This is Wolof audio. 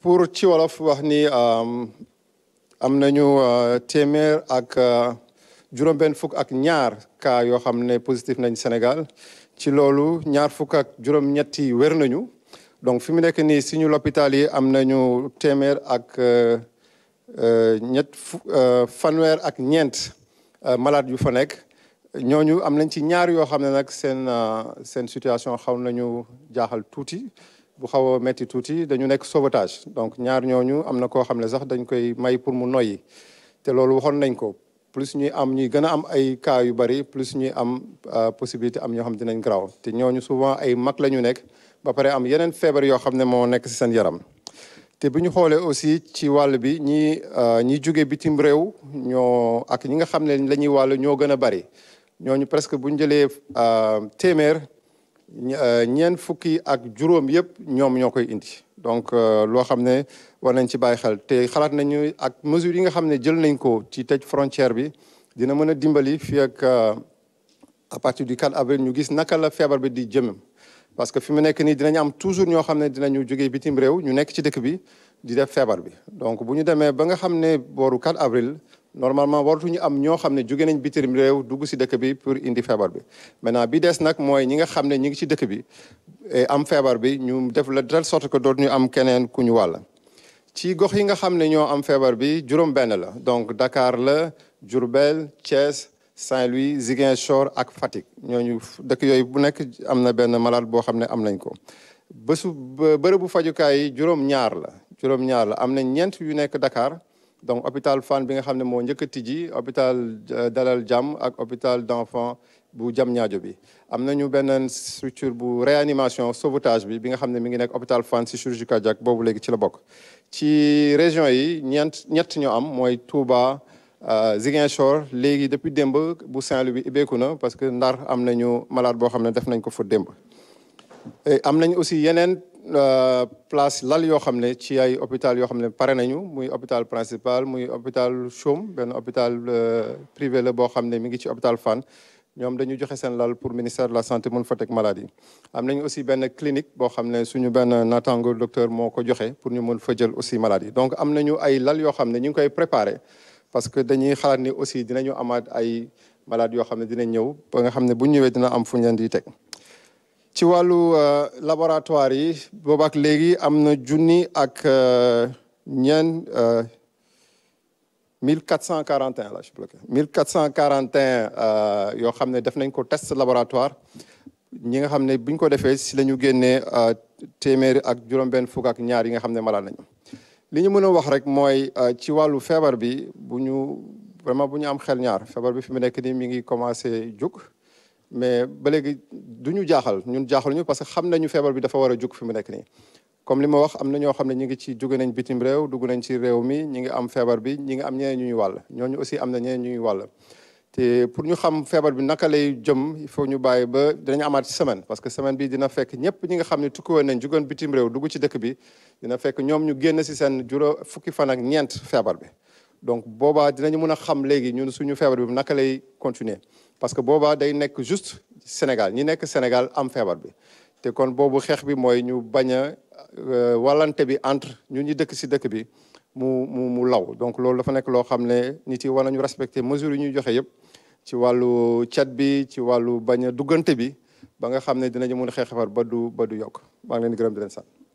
pour ci wolof wax ni am nañu euh, téeméer ak euh, juróom-benn fukk ak ñaar cas yoo xam ne positif nañ Sénégal ci loolu ñaar fukk ak juróom-ñetti wér nañu donc fi mu nekk nii suñu l'hôpital yi am nañu téeméer ak euh, ñett fanweer ak ñeent malade yu fa nekk ñooñu am nañ ci ñaar yoo xam ne nag seen seen situation xaw nañu jaaxal tuuti bu xaw a métti tuuti dañu nekk sobotage donc ñaar ñooñu am na koo xam ne sax dañ koy may pour mu noyyi te loolu waxoon nañ ko plus ñuy am ñuy gën a am ay cas yu bari plus ñuy am euh, possibilité am ñoo xam dinañ garaaw te ñooñu souvent ay mag la ñu nekk ba am yeneen feebar yoo xam ne moo nekk si seen yaram. te bu ñu xoolee aussi ci wàll bi ñi euh, ñi jóge bitim réew ñoo ak ñi nga xam ne la ñuy wàll ñoo gën a bari ñooñu presque buñ ñu jëlee euh, téeméer. Euh, ñeent fukki ak juróom yëpp ñoom ñoo koy indi donc euh, loo xam ne war nañ ci bàyyi xel te xalaat nañu ak mesures yi nga xam ne jël nañ ko ci tëj frontière bi dina mën a dimbali fi ak euh, à partir du 4 avril ñu gis naka la feebar bi di jëm parce que fi mu nekk nii dinañ am toujours ñoo xam ne dinañu jógee bitim réew ñu nekk ci dëkk bi di def feebar bi donc bu ñu demee ba nga xam ne booru 4 avril. normalement waratuñu am ñoo xam ne jóge nañ bitim réew dugg si dëkk bi pour indi feebar bi maintenant bi des nag mooy ñi nga xam ne ñi ngi ci dëkk bi eh, am feebar bi ñu def la telle sorte que ñu am keneen ku ñu wàll ci gox yi nga xam ne ñoo am feebar bi juróom benn la donc dakaar la Diourbel Thiès Saint-Louis Ziguinchor ak Fatick ñooñu dëkk yooyu bu nekk am na benn malade boo xam ne am nañ ko bésu bërëbu fajukaay yi juróom ñaar la juróom ñaar la am na ñeent yu nekk Dakar donc hôpital fan bi nga xamné mo hôpital euh, Dalal jam, ak hôpital d'enfants bu Diamniadio bi amna ñu benen structure bu réanimation sauvetage bi bi nga xamné mi ngi nek hôpital fan si chirurgie cardiaque boobu léegi ci la bok ci région yi ñeent ñet ñu am moy Touba euh, Ziguinchor légui depuis démb bu Saint-Louis ibekuna parce que Ndar amna ñu malade bo xamné def nañ ko fa aussi yenen. Euh, place lal yoo xam ne ci ay hôpital yoo xam ne pare nañu muy hôpital principal muy hôpital Choum benn hôpital euh, privé la boo xam ne mi ngi ci hôpital Fann ñoom dañu joxe seen lal pour ministère de la santé mun fa teg maladie am nañu aussi benn clinique boo xam ne suñu benn naataango docteur moo ko joxe pour ñu mun fa jël aussi maladie donc am nañu ay lal yoo xam ne ñu ngi koy préparé parce que dañuy xalaat ni aussi dinañu amaat ay malades yoo xam ne dinañ ñëw ba nga xam ne bu ñëwee dina am fu ñu leen di teg. ci wàllu euh, laboratoire yi boobaak léegi am na junni ak euh, ñeen mille quatre cent quarante euh, et la je mille quatre cent quarante et un yoo xam ne def nañ ko test laboratoire ñi nga xam ne biñ ko defee si lañu ñu génnee téeméeri ak juróom-benn fukk ak ñaar yi nga xam ne malade nañu li ñu mën a wax rek mooy ci wàllu feebar bi bu ñu vraiment buñu am xel ñaar feebar bi fi mu nekk nii mi ngi commencé jóg mais ba léegi du ñu jaaxal ñun jaaxal ñu parce que xam nañu feebar bi dafa war a jug fi mu nekk nii comme li ma wax am na xam ne ñi ngi ci jóge nañ bitim réew dugg nañ ci réew mi ñi ngi am feebar bi ñi ngi am ñeneen ñu ñuy wàll ñooñu aussi am na ñeneen ñu te pour ñu xam feebar bi naka lay jëm il ñu bàyyi ba dinañ amaat ci semaine parce que semaine bi dina fekk ñëpp ñi nga xam ne tukkiwoon nañ jugoon bitim réew dugg ci dëkk bi dina fekk ñoom ñu génn si seen juróom fukki fan ak ñeent feebar bi donc Boba, dinañu mëna xam légui ñun suñu fièvre bi naka lay continuer parce que Boba day nekk juste Sénégal ñi nekk Sénégal am fièvre bi té kon bobu xex bi moy ñu baña a euh, wàllante bi entre ñun ñi dëkk ci dëkk bi mu mu mu law donc loolu dafa nekk lo xamné ne nit yi war respecter mesures ñu joxé yépp ci walu chat bi ci walu baña a bi ba nga xamné dinañu mëna xex xefar ba du ba du yok maa ngi leen gërëm di leen sant